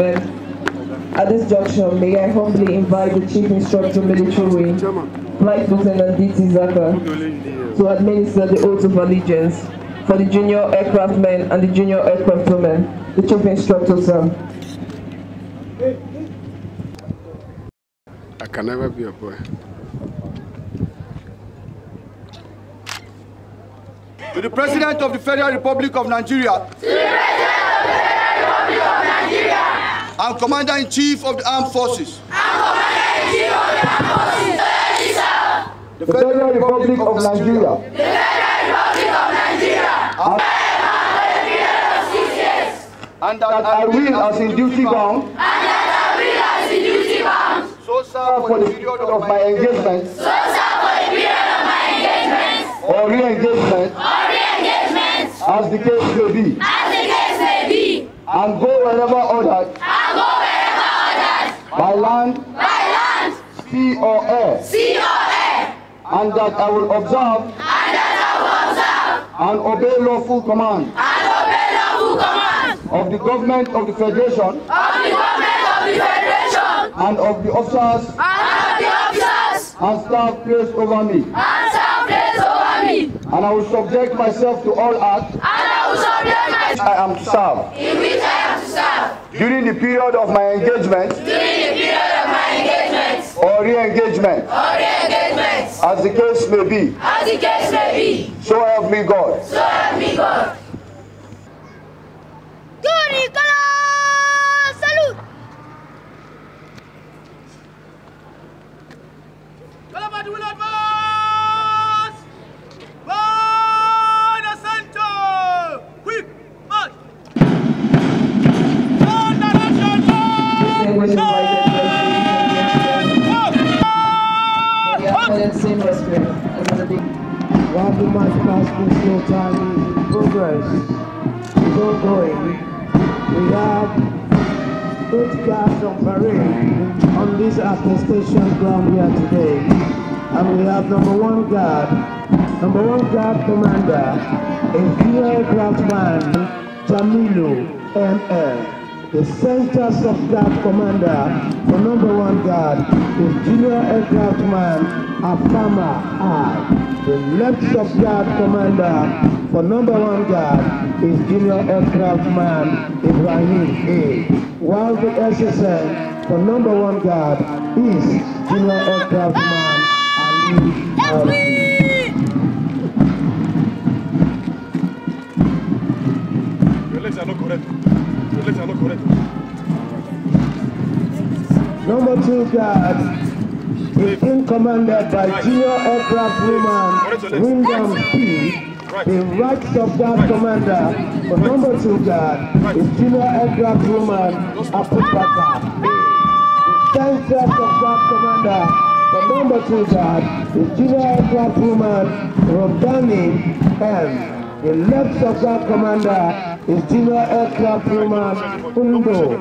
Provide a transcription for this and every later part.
Member. At this juncture, may I humbly invite the Chief Instructor Military Wing, Flight Lieutenant D.T. Zaka, to administer the oath of allegiance for the junior aircraftmen and the junior aircraft women. The Chief Instructor, sir. I can never be a boy. To the President of the Federal Republic of Nigeria. To the President of the Federal Republic of Nigeria. I'm Commander in Chief of the Armed Forces. Commander in Chief of the Armed Forces. The Federal Republic of Nigeria. The Federal Republic of Nigeria. And, and that I will, as in duty bound, and that I will, as in duty bound, so for the period of my engagement, so for the period of my engagement, or re-engagement, or re-engagement, as the case may be, as the case may be, and go wherever ordered. by land, by land, sea or air, sea or air, and that I will observe, and that I will observe, and obey lawful command, and obey lawful command of the government of the federation, of the government of the federation, and of the officers, and of the officers, and staff placed over me, and staff placed over me, and I will subject myself to all acts, and I will subject myself, I am to serve, in which I am to serve during the period of my engagement, during for re-engagement. For re-engagement. As the case may be. As the case may be. So help me God. So help me God. time past in progress is ongoing. We have eight cars on parade on this attestation ground here today. And we have number one guard, number one guard commander, a few aircraft man, Jamilu M.L. The Center Staff Commander for Number One Guard is Junior Aircraftman Afama I. The Left Guard Commander for Number One Guard is Junior Aircraftman Ibrahim A. While the SSN for Number One Guard is Junior Aircraftman Ali Alfie. Your legs are not correct. Number two guard is being commanded by junior aircraft woman Wyndham P. The right of guard commander for number two guard is junior aircraft woman Apupaka. The tenth left of guard commander for number two guard is junior aircraft woman Robani M. The left of guard commander Israel aircraft Roman Undo play,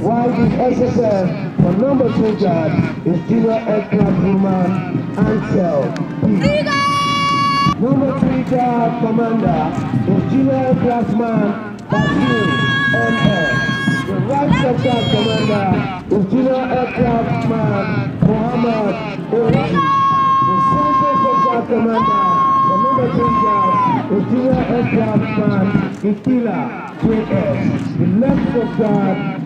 Why the SSL for number two guard Israel aircraft Roman Ansel Number three guard commander Israel aircraft man Basil ML. The right sector commander Israel aircraft man Muhammad Orasi. The center sector commander the number three guard Israel aircraft man the pillar with the left of God.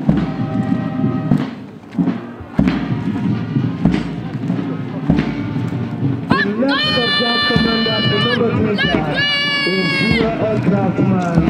The left of God commander, the number three star, in Jura Aircraft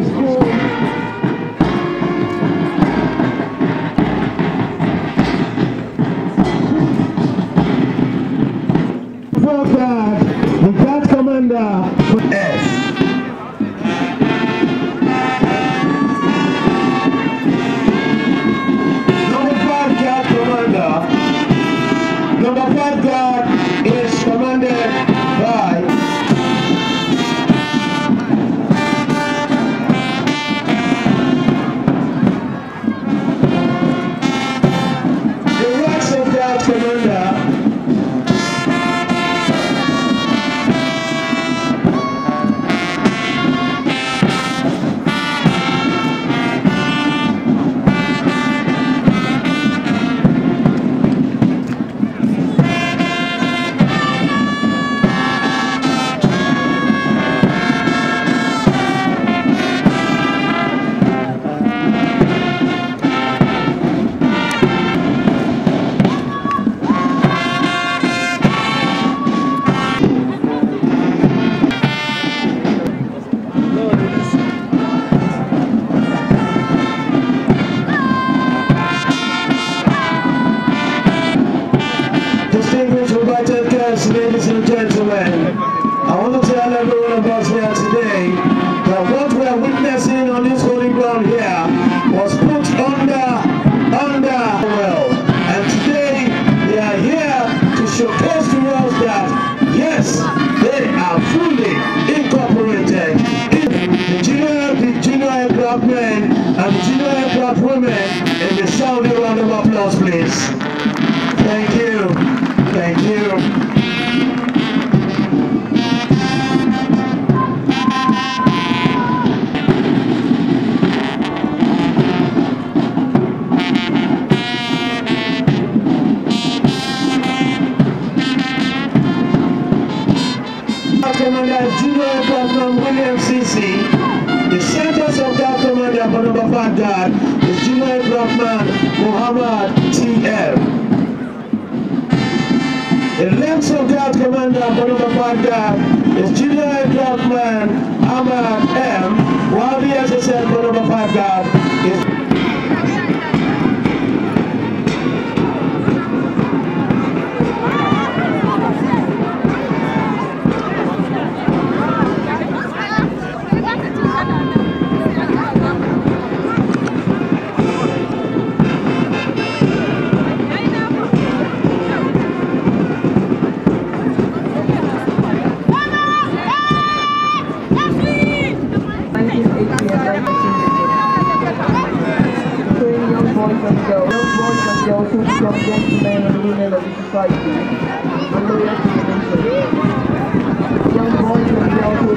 the school. yes, ladies and gentlemen, I want to tell Commander Junior from William C.C. The sentence of that commander for number five guard is Junior Brahman Muhammad T M. The length of that commander for number five guard is Junior Brahman Ahmad M. While the SSL for number five guard is teach young gentlemen and women of the society the nation. Young boys and girls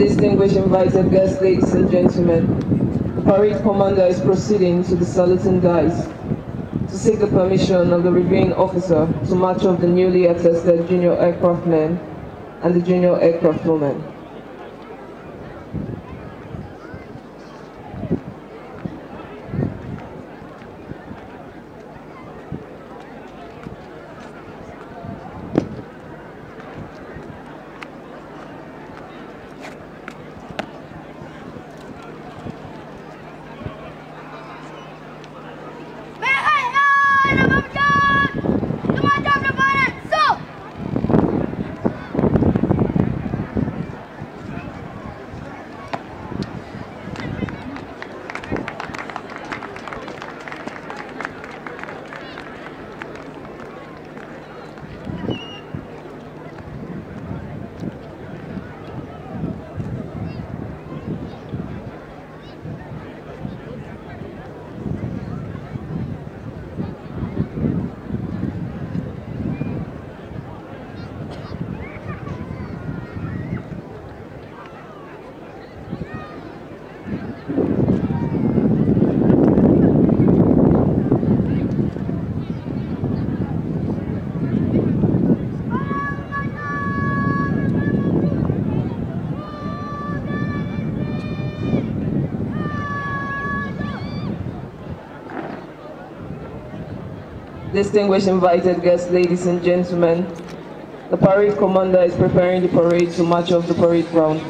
distinguished invited guests, ladies and gentlemen, parade commander is proceeding to the saluting guys to seek the permission of the reviewing officer to march off the newly attested junior aircraftmen and the junior aircraftwomen. distinguished invited guests, ladies and gentlemen, the parade commander is preparing the parade to march off the parade ground.